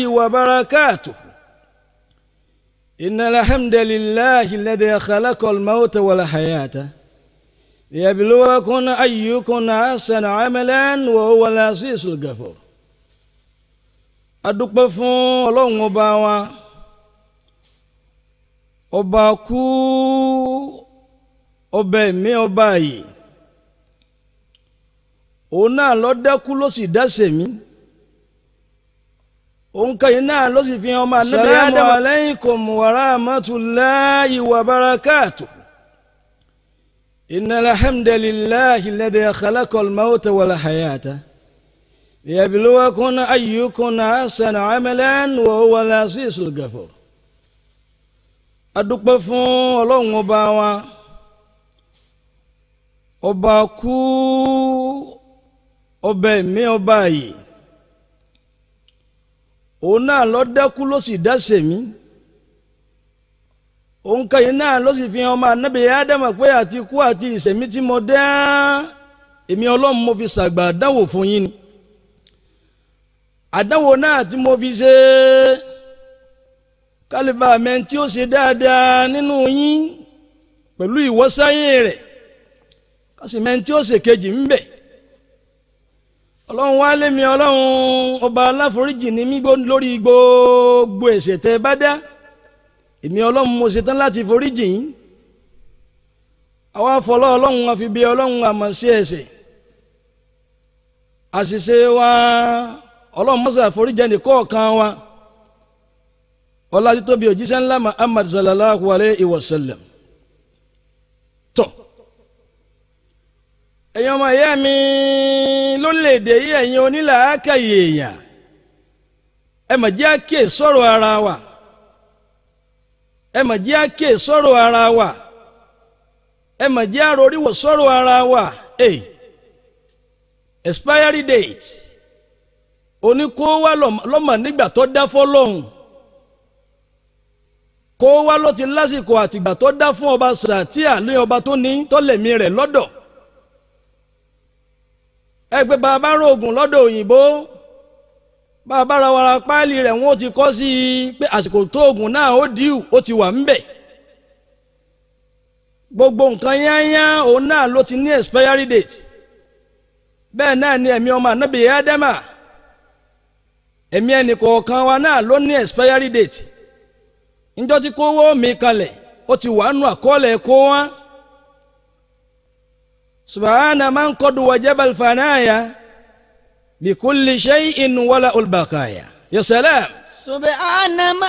وبركاته إن الحمد لله الذي خلق الموت والحياة ليبلوكم أيكم أحسن عملا وهو العزيز الغفور adúpẹ́ fún ọlọ́run ọba wa ọba kú ọba ẹ̀mí ọba yìí òun òun kan yìí náà ló sì fi hàn ọmọ anábìyà ádámà. salamu alaykum wa rahmatulahi wa barakatu. inna alhamdulilahi lade khalakol mawta wala hayata. ليبلوكن أيكن أحسن عملا وهو العزيز الغفور adúpẹ́ fún ọlọ́run ọba wa ọba kú ọba ẹ̀mí ọba yìí òun náà lọ dẹ́kú ló sì dẹ́sẹ̀ mí òun kẹyìn náà ló fi hàn ọmọ anábì ádámà pé àti ikú àti ìṣẹ̀mí tí mo dẹ́ èmi ọlọ́run mo fi ṣàgbà àdáwò fún yín ni àdáwò náà tí mo fi ṣe kálíbà mẹ́rin tí ó ṣe dáadáa nínú yín pẹ̀lú ìwọ́sáyé rẹ̀ kásìmẹ́rin tí ó ṣe kejì ń ọlọ́run wá lé mi ọlọ́run ọba aláforíjì ni mí lórí gbogbo ẹ̀ṣẹ̀ tẹ́ ẹ bá dá èmi ọlọ́run mo ṣetán láti foríjì yín àwa afọlọ́ ọlọ́run àfi bí ọlọ́run àmọ́ sí ẹ̀ṣẹ̀ àṣìṣe wa ọlọ́run mọ́sá àforíjì ẹnì kọ̀ọ̀kan wa ọlá títóbi òjíṣẹ́ ńlá Muhammad sallallahu alayhi wa sallam tọ́. èyàn ọmọ ìyá mi lórílẹ̀‐èdè yìí ẹ̀yin onílàákàyè èèyàn ẹ mà jẹ́ àkíyè sọ̀rọ̀ ara wa ẹ mà jẹ́ àkíyè sọ̀rọ̀ ara wa ẹ mà jẹ́ àròríwò sọ̀rọ̀ ara wa expiry date wá lọ́mọ nígbà tó dá fọ́lọ́hún kó wá ló lásìkò àtìgbà tó fún ọba ọba tó ní tọ́lẹ̀mí rẹ̀ lọ́dọ̀. Egbe pé bàbá rògùn lọ́dọ̀ òyìnbó bàbá ra wàrà páálí rẹ̀ wọ́n ti kọ́ sí i pé àsìkò tó náà ó ti wà ńbẹ̀ gbogbo nǹkan yányá òun náà ló ti ní expiry date bẹ́ẹ̀ náà ni ẹ̀mí ọmọ ànábì ádámà ẹ̀mí ẹnì kọ̀ọ̀kan wa náà ló ní expiry date níjọ́ mi kalẹ̀ ó ti wà nù àkọọ́lẹ̀ سبحان من قد وجب الفنايا بكل شيء ولا البقايا يا سلام سبحان من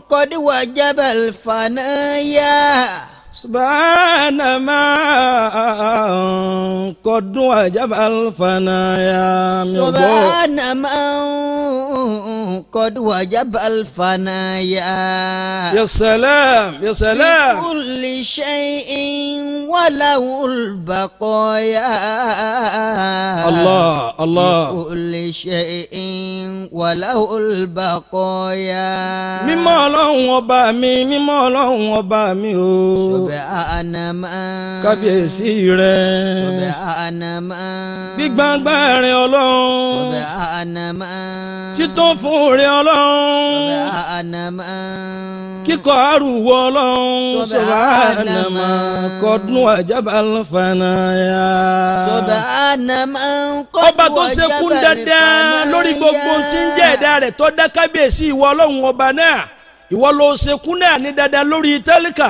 قد وجب الفنايا سبحان ما قد وجب الفنايا سبحان ما قد وجب الفنايا يا سلام يا سلام كل شيء ولو البقايا الله الله كل شيء ولو البقايا mímọ́ ọlọ́run ọba mi mímọ́ ọlọ́run kábíyèsí rẹ gbígbàgbà rẹ ọlọ́run títọ́ fún rẹ ọlọ́run kíkọ́ àrùwọ̀ ọlọ́run sọ̀bàánàmà kọ́dún àjábá lọ́fàànáyà. sọ̀bàánàmà kọ́dún àjábá lọ́fàànáyà. ọba tó ṣe kún dandan lórí gbogbo tí ń jẹ́ ẹ̀dá rẹ̀ tó dá kábíyèsí ìwọ ọlọ́run ọba náà ìwọ ló ṣe náà ní dandan lórí tẹ́líkà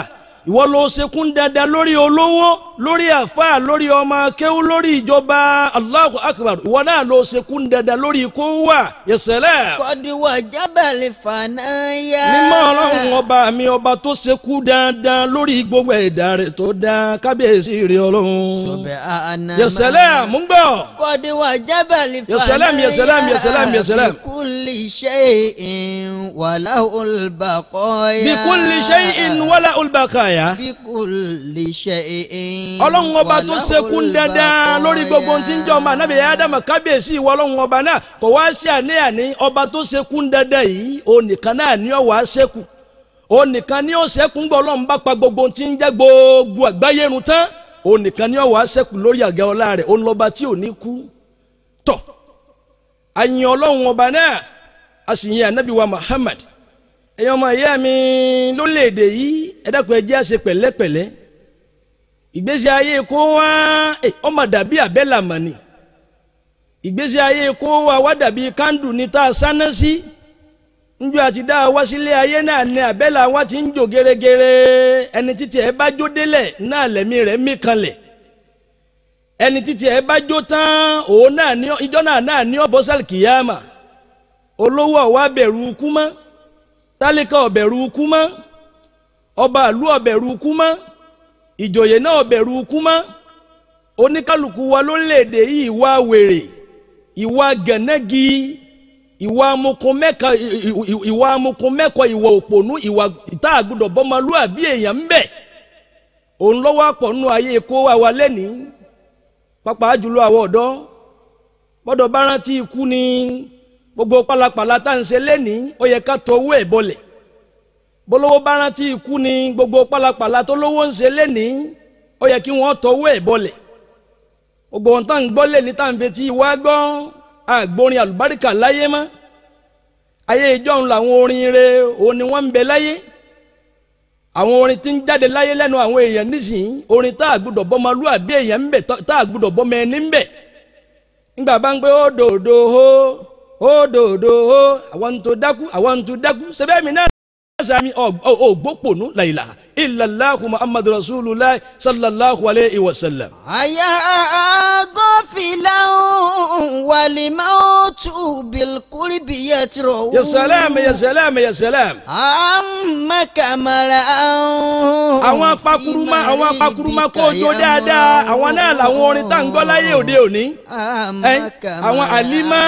ìwọ ló ṣekún dandan lórí olówó lórí àfa lórí ọmọ kéwú lórí ìjọba Allahu Akbar ìwọ náà ló sekú dandan lórí ikú wa yẹsẹlẹ. kọ́díwọ̀ jábàlì fànáyà. mímọ́ ọlọ́run ọba mi ọba tó sekú dandan lórí gbogbo ẹ̀dá rẹ̀ tó dá kábíyèsí rẹ̀ ọlọ́run. sọ̀bẹ̀ àná. yẹsẹlẹ mú gbọ́. kọ́díwọ̀ jábàlì fànáyà. yẹsẹlẹm yẹsẹlẹm yẹsẹlẹm yẹsẹlẹm. bikulli shay'in wala ulbaqaya. bikulli shay'in wala ulbaqaya. bikulli shay'in. ọlọ́run ọba tó sekún dandan lórí gbogbo tí ń jọ ọmọ anábì ádámà kábíyèsí ìwọ ọlọ́run ọba náà kò wá sí àníyàn ọba tó sekún dandan yìí onìkan náà ní ọwọ́ àṣekù onìkan gbọ́ ọlọ́run gbogbo tí ń jẹ́ gbogbo àgbáyé tán onìkan ọwọ́ lórí àga ọlá rẹ̀ ìgbésí ayé kó wá ọmọ dàbí àbẹ́là mọ̀nì ìgbésí ayé kó wá wá dàbí kándù sanasi tá a sáná sí njọ́ àti dá a wá sílé ni wa ti ń jò ẹni títí ẹ bá jó délẹ̀ náà lẹ́mí rẹ̀ mí kanlẹ̀ ẹni títí ẹ bá jó tán òun náà ní ìjọ náà náà ní ọ̀bọ olówó ọ̀wá bẹ̀rù mọ́ ọba àlú ọ̀bẹ̀rù mọ́ ìjòyè náà bẹ̀rù ikú mọ́ oníkálukú wa ló èdè yìí ìwà wèrè ìwà gẹ̀nẹ́gi ìwà amukun mẹ́kọ ìwà ìwà òpònú ìwà ìta àgùdọ̀ bọ́mọlúàbí èèyàn ń bẹ̀ òun lọ́wọ́ gbogbo pálapàla tá à ń ṣe ó yẹ ká bólówó bá rántí ikú ni gbogbo pálapàla tó lówó ń ṣe lénìí ó yẹ kí wọn tọwọ ẹ bọlẹ gbogbo ohun tá ń gbọ́ lénìí tá ń fetí wá láyé ayé làwọn orin òun ni wọn bẹ láyé àwọn orin tí ń jáde láyé àwọn orin tá èèyàn ń bẹ tá ẹni ń bẹ ńgbà bá ń ó dòdò ó ó dòdò ó sami ògbópònú làyìlà ìlàláhu muhammadu rasulillah sallallahu alayhi wa sallam. àyà gọ́fìláhùn wàlímáwòtú bilkuri bìyẹ tìrọ̀. yasalaamu yasalaamu yasalaamu. àmà kàmàrà àwọn. àwọn apakuruma àwọn apakuruma kò jó dáadáa àwọn náà làwọn orin tá à ń gbọ́ láyé òde òní. àmà kàmàrà àwọn àlímà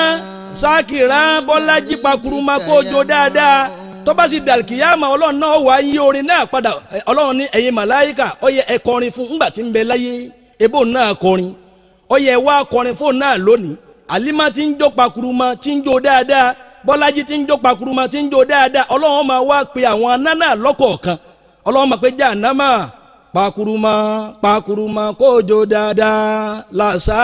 sákìrà bọ́lájí pakuruma kò jó dáadáa. tọ́ba sì dàlkìyàmà ọlọ́run náà wà á yí orin náà padà ọlọ́run ní ẹ̀yin màláyíkà ó yẹ ẹ kọrin fún ńgbà tí ń bẹ láyé ebó náà kọrin ó yẹ wá kọrin fóun náà lónìí àlímà ti ń jó pakuruma ti ń jó dáadáa bọ́lájí tí ń jó pakuruma tí ń jó dáadáa ọlọ́run máa wá pe àwọn aná lọ́kọ̀ọ̀kan ọlọ́run máa pe jáànámà pakuruma pakuruma kójó dada làṣà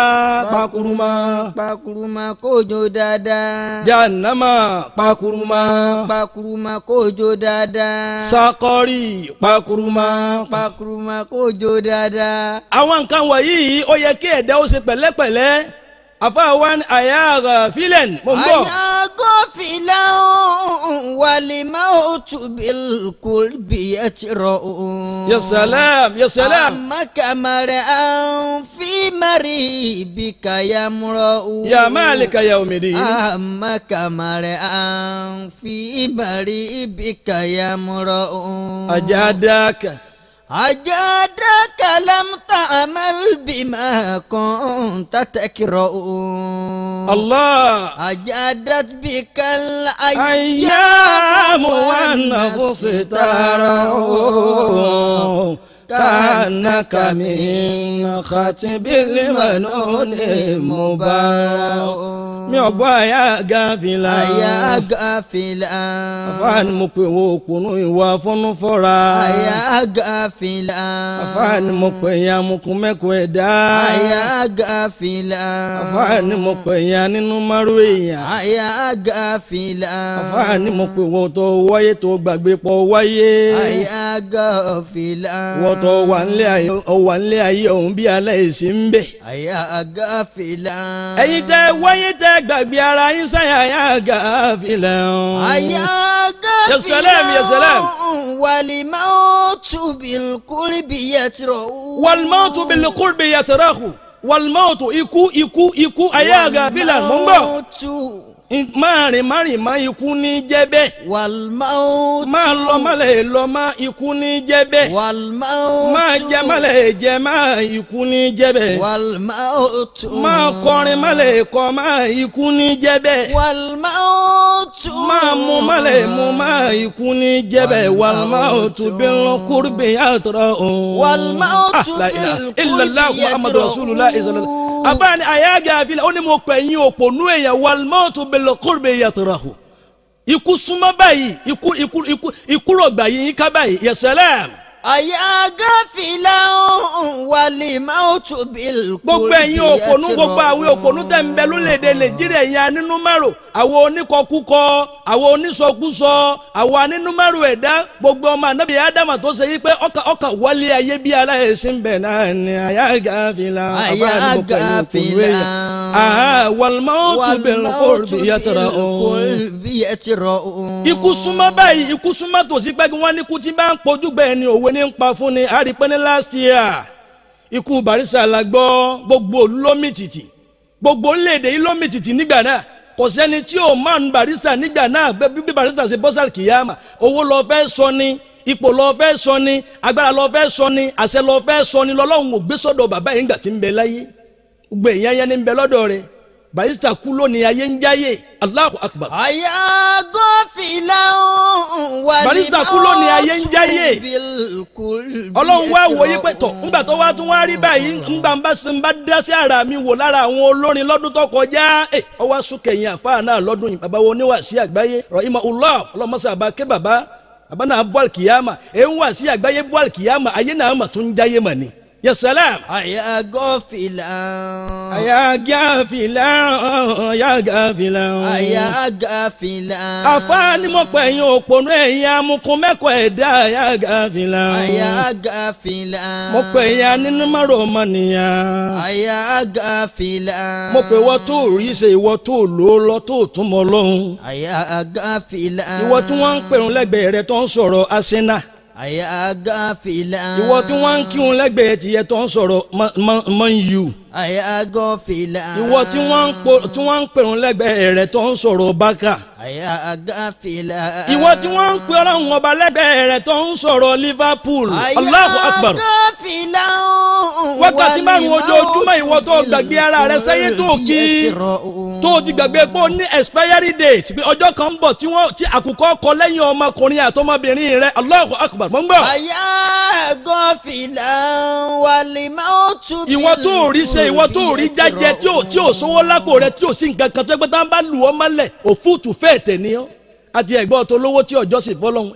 pakuruma. pakuruma kójó dada. jahannama pakuruma. pakuruma kójó dada. sakọri pakuruma. pakuruma kójó dáadáa. àwọn nǹkan wọ̀nyí ó yẹ kí ẹ̀dá ó ṣe pẹ̀lẹ́pẹ̀lẹ́ àfàwọn àyàgò filẹ̀ mò ń bọ̀. àyàgò filẹ̀ wàlímà òtúbìl kùlbìyà ti rọ̀ òun. yasalam yasalam. àmà kàmàrẹ̀ àwọn fímarì bí kàyà múrọ̀ òun. yà má lè kàyà òmìnir. àmà kàmàrẹ̀ àwọn fímarì bí kàyà múrọ̀ òun. àjà dáa kà. أجادك لم تعمل بما كنت تكره الله أجادت بك الأيام والنفس ترى كأنك من خاتب المنون مبارك mi ò gbọ́ àyà gàfìlà. àyà gàfìlà. àfààní mo pè wọ́n òkùnú ìwà fúnnú fọ́ra. àyà gàfìlà. àfààní mo pè yàn amukun mẹ́kọ̀ọ́ ẹ̀dá. àyà gàfìlà. àfààní mo pè yàn nínú márùn èèyàn. àyà gàfìlà. àfààní mo pè wọ́n tó wáyé tó gbàgbé pọ̀ wáyé. àyà gọ́fìlà. wọ́tọ̀ wà nílé ayé ọ̀wà nílé ayé ọ̀hún bí aláìsí ń bẹ̀. àyà gọ́fìlà. ẹ̀yin tẹ wáyé tẹ gbàgbé ara yín sáyà àyà gọ́fìlà. àyà gọ́fìlà. yasalem yasalem. wàlímọ́tò bìlkúrì bìyàtìrọ̀. wàlímọ́tò bìlkúrì bìyàtìrọ̀ kù wàlímọ́tò ikú ikú ikú àyà gọ́fìlà mọ́ ń bọ̀ máàrin máàrin má ikú ní jẹ́ bẹ́ẹ̀. wàlmáwó. máa lọ má lè lọ má ikú ní jẹ́ bẹ́ẹ̀. wàlmáwó. máa jẹ má lè jẹ má ikú ní jẹ́ bẹ́ẹ̀. wàlmáwó tó. máa kọrin má lè kọ má ikú ní jẹ́ wàlmáwó tó. máa mu má lè mu má ikú ní jẹ́ wàlmáwó tó bí lọ kúrú bí yàtọ̀ rẹ̀ wàlmáwó tó bí lọ kúrú bí yàtọ̀ rẹ̀ abáni àyájà àfilẹ ó ní mo pè yín òpònú èèyàn wàlmọ́ọ̀tò bẹ̀lẹ̀ kórìbẹ̀ yàtọ̀rọ̀ àhù ikú súnmọ́ báyìí ikú ikú ikú ikú rọ̀gbà yìí yín ká báyìí yẹsẹ̀lẹ́mù. àyà gáfìlà wàlì máòtù bíl. gbogbo ẹ̀yin òpònú gbogbo àwọn òpònú tẹ̀ ń bẹ lórílẹ̀ nàìjíríà ẹ̀yin anínúmẹ́rò àwọn oníkọkúkọ àwọn onísọkúsọ àwọn anínúmẹ́rò ẹ̀dá gbogbo ọmọ ànábì ádámà tó ṣe yí pé ọkà ọkà wọlé ayé bí bẹ̀ náà ni ikú súnmọ́ báyìí ikú súnmọ́ pé ní ń pa fún ni a rí pé last year ikú Barrister la gbọ́ gbogbo olómìtìtì gbogbo orílẹ̀-èdè yìí lómìtìtì nígbà náà kò sẹ́ni tí ò máa ń Barrister nígbà náà bí Barrister ṣe bọ́sà kìyàmà owó lọ fẹ́ sọ ni ipò lọ fẹ́ sọ ni agbára lọ fẹ́ sọ ni àṣẹ lọ fẹ́ sọ ni lọ́lọ́run ò gbé sọ́dọ̀ bàbá yìí nígbà tí ń bẹ láyé gbogbo èèyàn ń bẹ lọ́dọ̀ rẹ̀ barista kú lónìí ayé ń jáyé Allahu Akbar. àyà gọ́fìlà wà ní barista kú lónìí ayé ń jáyé ọlọ́run wá wòye pẹ̀tọ̀ ńgbà tó wá tún wá rí báyìí ńgbà bá sin bá dá sí ara mi wò lára àwọn olórin lọ́dún tó kọjá ẹ ọwọ́ sùkẹ̀yìn àfáà náà lọ́dún yìí bàbá wo oníwàásí àgbáyé rahimahullah ọlọ́mọṣẹ́ àbá ké bàbá bàbá náà bọ́ àlùkìyàmà ẹ̀ ń wàásí àgbáyé bọ́ àlùkìyàmà ayé náà mà tún jáyé mà ni. يا سلام يا غافلا يا غافلا يا غافلا يا غافلا àfáàní mo pè yín òpònú ẹ̀yin amukumẹ́kọ ẹ̀dá ya gàfìlà. ya gàfìlà. mo pè yín nínú márùn ya gàfìlà. mo pè wọ́n tó rí ṣe ìwọ tó lò ó lọ tó tún mọ́ lọ́hùn. ya gàfìlà. tí wọ́n ń pèrún lẹ́gbẹ̀ẹ́ rẹ tó ń sọ̀rọ̀ asínà àyà gàfìlà. ìwọ tí wọ́n ń kírun lẹ́gbẹ̀ẹ́ ti yẹ tó ń sọ̀rọ̀ man àyà gàfìlà. ìwọ tí wọ́n ń pèrún lẹ́gbẹ̀ẹ́ rẹ tó ń sọ̀rọ̀ bákà. àyà gàfìlà. ìwọ tí wọ́n ń pè ọlọ́run ọba lẹ́gbẹ̀ẹ́ rẹ tó ń sọ̀rọ̀ liverpool. Allahu akbar. àyà gàfìlà wákàtí márùn ojoojúmọ́ ìwọ tó gbàgbé ara rẹ sẹ́yìn tó kí tó o ti gbàgbé pé o ní expiry date pé ọjọ́ kan ń bọ̀ tí wọ́n ti àkùkọ kọ lẹ́yìn ọmọkùnrin àtọmọbìnrin rẹ Allahu akbar mọ́ ń gbọ́. àyà gọ́fìlà wàlẹ̀ máa tún bí lù. ìwọ tó o rí ṣe ìwọ tó o rí jájẹ tí o tí o sówó lápò rẹ tí o sì nǹkan kan tó ẹgbẹ́ tá a bá lù ọ́ mọ́lẹ̀ òfúùtù fẹ́ẹ̀ tẹ̀ ní ọ́ àti ẹ̀gbọ́n tó lówó tí ọjọ́ sì bọ́ lọ́hùn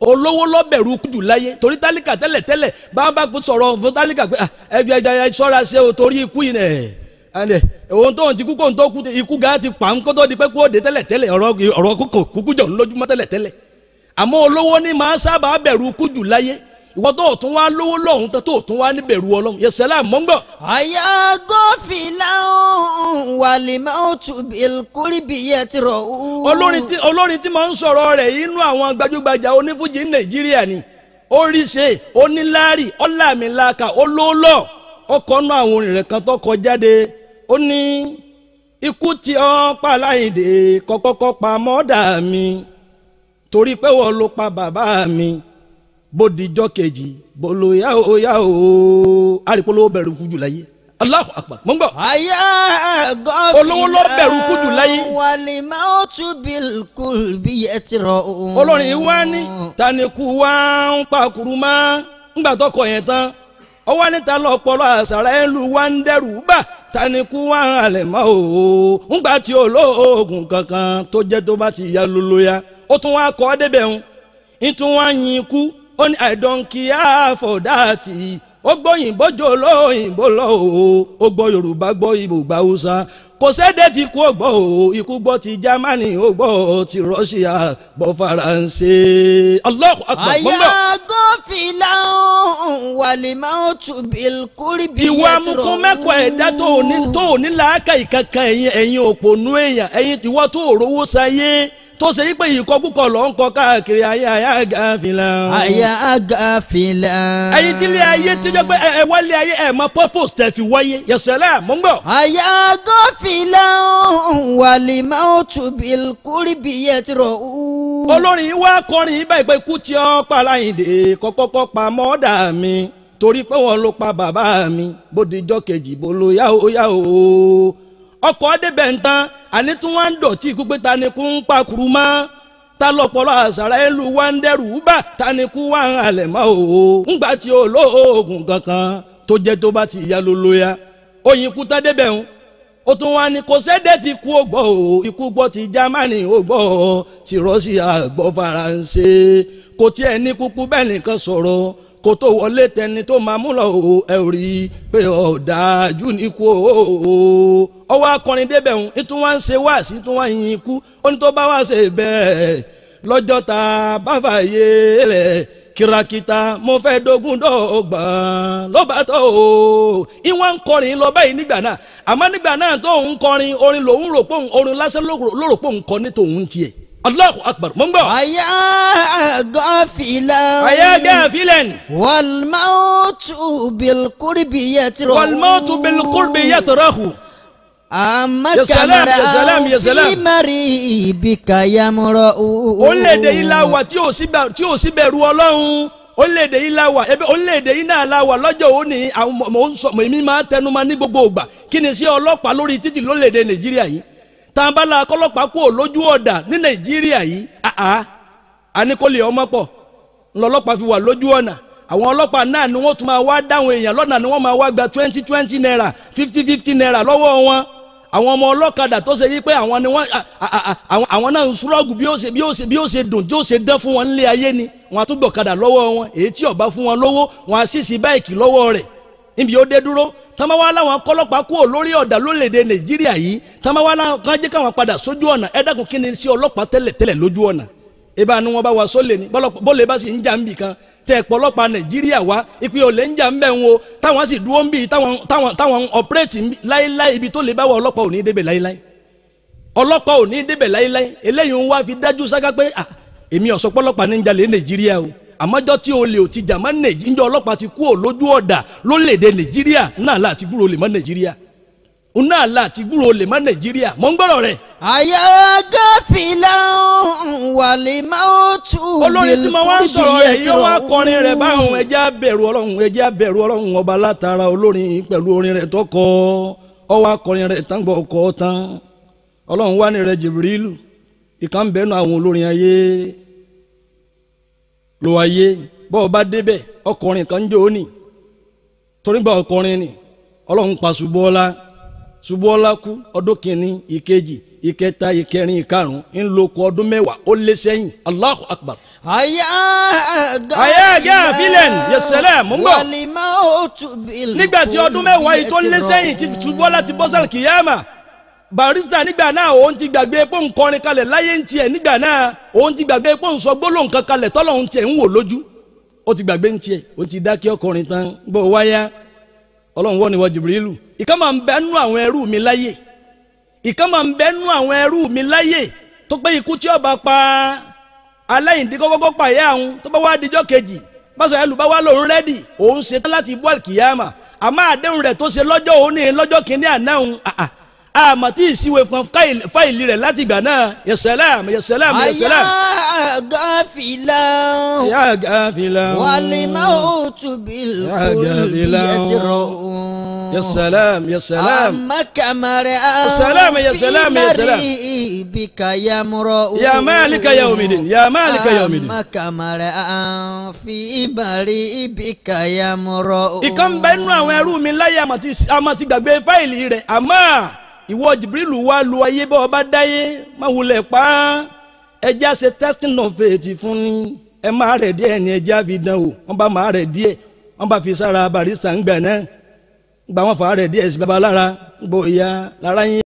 olówó lọ́bẹ̀rù kújù láyé torí tálíkà tẹ́lẹ̀ tẹ́lẹ̀ bàbá kò sọ̀rọ̀ fún tálíkà pé ah, ẹbí ẹja ẹ sọ́ra ṣe o torí ikú yìí nẹ̀ òun eh, tó ń ti kú kó pa ń kó tó di pé kú òde ìwọ tó tún wá lówó lọ́hùn tó tún wá níbẹ̀rù ọlọ́hùn yẹ sẹ́lá mọ́ ń gbọ́. àyà gọ́fìlà wàlímà tùbìlkúrìbì yẹ ti rọ̀ ú. olórin tí máa ń sọ̀rọ̀ rẹ̀ inú àwọn gbajúgbajà onífújì nàìjíríà ni ó rí ṣe oníláàrí ọ̀làmìlàkà olóòlọ̀ ọkọ̀ nú àwọn orin rẹ̀ kan tó kọ jáde ó ní ikú tí ọ pa láyìndé kọ́kọ́kọ́ pa mọ́dà mi torí pé wọ́n ló pa bàbá mi. bó keji kejì bolo o ya o aripolo bẹ̀rù kú akpa láyé Allahu Akbar mọ̀ ń gbọ́. àyà gọ́fìnà olówó ló bẹ̀rù kú láyé. wàlẹ̀ máa ó tún bí bí yẹ ti rọ òun. olórin wa ni taniku wa ń pa kuru ma yẹn tán ọwọ́ níta lọ́pọ̀lọ́ àṣàrà ẹ̀ ń wa ń dẹ́rù bá taniku wa mọ́ tí olóògùn kankan tó jẹ́ tó bá ti ya lolo ó tún wá kọ́ débẹ̀ ń ó ní I don't care ó gbọ́ òyìnbó jò lóyìnbó lọ o ó gbọ́ Yorùbá gbọ́ Ìgbò gbà Haúsá kò sédé ti kú ó gbọ́ ikú gbọ́ ti Jámánì ó gbọ́ ti Rọ́ṣíà gbọ́ Faransé. Allahu akbar gbọ́dọ̀. àyà gọ́fìlà kúrì bí yẹtùrọ̀ ìwà amukun mẹ́kọ̀ọ́ ẹ̀dá tó ní tó ní làákà ìkankan ẹ̀yìn ẹ̀yìn òpònú èèyàn ẹ̀yìn ìwọ́ tó òrówó sáyé tó ṣe yípe ìkọkúkọ lọ ń kọ káàkiri ayé ayé ayé àgàfìlà. ẹ̀yin tí ilé ayé ti jẹ́ pé ẹ wálé ayé ẹ mọ purpose tẹ̀ fi wáyé yẹsẹ̀lá mọ̀ ń gbọ́. ayé àgàfìlà wàlẹ̀ máa tùbí kúrì bí yẹtùrọ̀ ú. olórin wa kọrin ibà ìpè kú tí ọ pàrọ̀ àyìndé kọ́kọ́kọ́ pa mọ́ọ́dà mi torí pé wọ́n ló pa bàbá mi bó dijọ́ kejì bó lo yáò yáò. ọkọ̀ débẹ̀ ń tán àní tí wọ́n ń dọ̀tí ikú pé tanikú ń pa kuru mọ́ ta lọ́pọ̀lọ́ àṣàrà ìlú wa ń dẹ́rù bá tanikú wa ń halẹ̀ mọ́ o ńgbà tí o lóògùn kankan tó jẹ́ tó bá ti yá lólóyà oyin kú tán débẹ̀ ń ó tún wá ní kò sẹ́dẹ̀ ti kú ó gbọ́ o ikú gbọ́ ti Jámánì ó gbọ́ ọ ti Rọ́ṣíà gbọ́ Faransé kò tiẹ̀ ní kúkú bẹ́ẹ̀ nìkan sọ̀rọ̀ kò tó wọlé tẹni tó máa mú lọ o ẹ ò rí i pé ọ̀dájú ní kú o. ọwọ́ akọrin débẹ̀ ń ìtún wá ń ṣe wá sí ìtún wá yin ikú ó ní tó bá wá ṣe bẹ́ẹ̀ lọ́jọ́ ta báfà yé rẹ̀ kìràkìtà mo fẹ́ dogun dọ́gbọ̀n ló bá tó o. ìwọ́n ń kọrin lọ báyìí nígbà náà àmọ́ nígbà náà tó ń kọrin orin lòun rò pé orin lásán ló pé òun kọ ní tòun tiẹ̀. Allahu akbar mo ń gbọ́. àyà gàfilẹ̀. àyà gàfilẹ̀. walmautu bilkurbi yatarahu. walmautu bilkurbi yatarahu. àmà kàmàrà fi mari bika yamurọ. ó lè dé ilá wa tí ò sí bẹ̀rù ọlọ́run orílẹ̀-èdè yìí la wà ẹbí orílẹ̀-èdè yìí náà la wà lọ́jọ́ òní àwọn mò ń sọ èmi máa tẹnu ma ní gbogbo ìgbà kí ni sí ọlọ́pàá lórí títì lórílẹ̀-èdè Nàìjíríà yìí tambala kọlọ́pàá kò lójú ọ̀dà ní nàìjíríà yìí àá àníkólé ọmọ pọ̀ ńlọlọ́pàá fi wà lójú ọ̀nà àwọn ọlọ́pàá náà ni wọ́n tún máa wá dáwọn èèyàn lọ́nà ni wọ́n máa wá gba twenty twenty naira fifty fifty naira lọ́wọ́ wọn àwọn ọmọ ọlọ́kadà tó ṣe yí pé àwọn ni wọ́n àwọn náà ń ṣúrọ́gù bí ó ṣe bí ó ṣe bí ó ṣe dùn bí ó ṣe dán fún wọn nílé ayé ni wọn àtúgbọ̀kadà lọ́wọ́ wọn èyí tí ó fún wọn lówó wọn á sì lọ́wọ́ rẹ̀ níbi ó dé dúró tọ́mọ́wá láwọn kọ́lọ́pàá kúrò lórí ọ̀dà lórílẹ̀‐èdè nàìjíríà yìí tọ́mọ́wá láwọn kan jẹ́ káwọn padà sójú ọ̀nà ẹ kí ni sí lójú ìbá ni bá wa sólè ní bọ́lẹ̀ bá sì ń jà ń bì kan nàìjíríà ìpín ń jà ń ń wo táwọn sì dúró ibi tó lè bá wa ọlọ́pàá ò ní láéláé ò ní láéláé eléyìí ń wá fi dájú pé àmọ́jọ́ tí o le ti jà mọ́ nàìjíríà ńjọ́ ọlọ́pàá ti kú ò lójú ọ̀dà lólèdè nàìjíríà náà láti gbúrò olè mọ́ nàìjíríà náà láti gbúrò olè mọ́ nàìjíríà mọ́ ń gbọ́rọ̀ rẹ̀. àyà gáfìlà wàlè máa tù bí olórí tí mo wá sọ̀rọ̀ rẹ̀ yóò wá kọrin rẹ̀ báwọn ẹja bẹ̀rù ọlọ́run ẹja bẹ̀rù ọlọ́run ló wáyé bọ́ ọ bá débẹ̀ ọkùnrin kan jò ó nì torí gba ọkùnrin ni ọlọ́run pa ṣubúọ́lá ṣubúọ́lá kú ọdún kìíní ìkejì ìkẹta ìkẹrin ìkarùn ń lo okùn ọdún mẹ́wàá ó lé sẹ́yìn Allahu Akbar. àyà àgẹ́ àfilẹ̀n yẹsẹ̀lẹ̀ mú bọ̀ nígbà tí ọdún mẹ́wàá yìí tó lé sẹ́yìn tí ṣubúọ́lá ti bọ́ kìyàmà barista nígbà náà òun ti gbàgbé pé òun kọrin kalẹ̀ láyé ń tiẹ̀ nígbà náà òun ti gbàgbé pé òun sọ gbólóhùn kan kalẹ̀ tọ́lọ̀ ń tiẹ̀ ń lójú ó ti gbàgbé ń tiẹ̀ ó ti dákẹ́ ọkùnrin tán bó wáyá ọlọ́run wọ́n àwọn ẹrú mi láyè àwọn ẹrú mi láyè tó pé ikú tí pààyà àmọ́ tí ìsíwèé fún fáìlì rẹ̀ láti ìgbà náà yẹsẹ̀lám yẹsẹ̀lám yẹsẹ̀lám. àyà gàfìlà àyà gàfìlà wàlímà òtù bìlkùlù yẹtìrọ̀ yẹsẹ̀lám yẹsẹ̀lám. àmàkàmàrẹ̀ àwọn bímárì bìkà yàmúrọ̀ òun. yàmálìkà yà òmìnir yàmálìkà yà òmìnir. àmàkàmàrẹ̀ àwọn bímárì bìkà yàmúrọ̀ òun. ìkànnì bẹ́ẹ̀ nú àwọn ẹrú mi láyé àmọ́ ti gbàgbé fáìlì rẹ̀ àmọ́ ìwọ jìbìrìlù wa lu ayé bá ọba dáyé má wulẹ̀ pa á ẹja ṣe testing of faith fún ni ẹ máa rẹ̀ díẹ̀ ni ẹja fi dán o wọ́n bá máa rẹ̀ díẹ̀ wọ́n bá fi sára barista ń gbẹ̀ náà gba wọn fà rẹ̀ díẹ̀ sí babalára gbòòyà lára yín.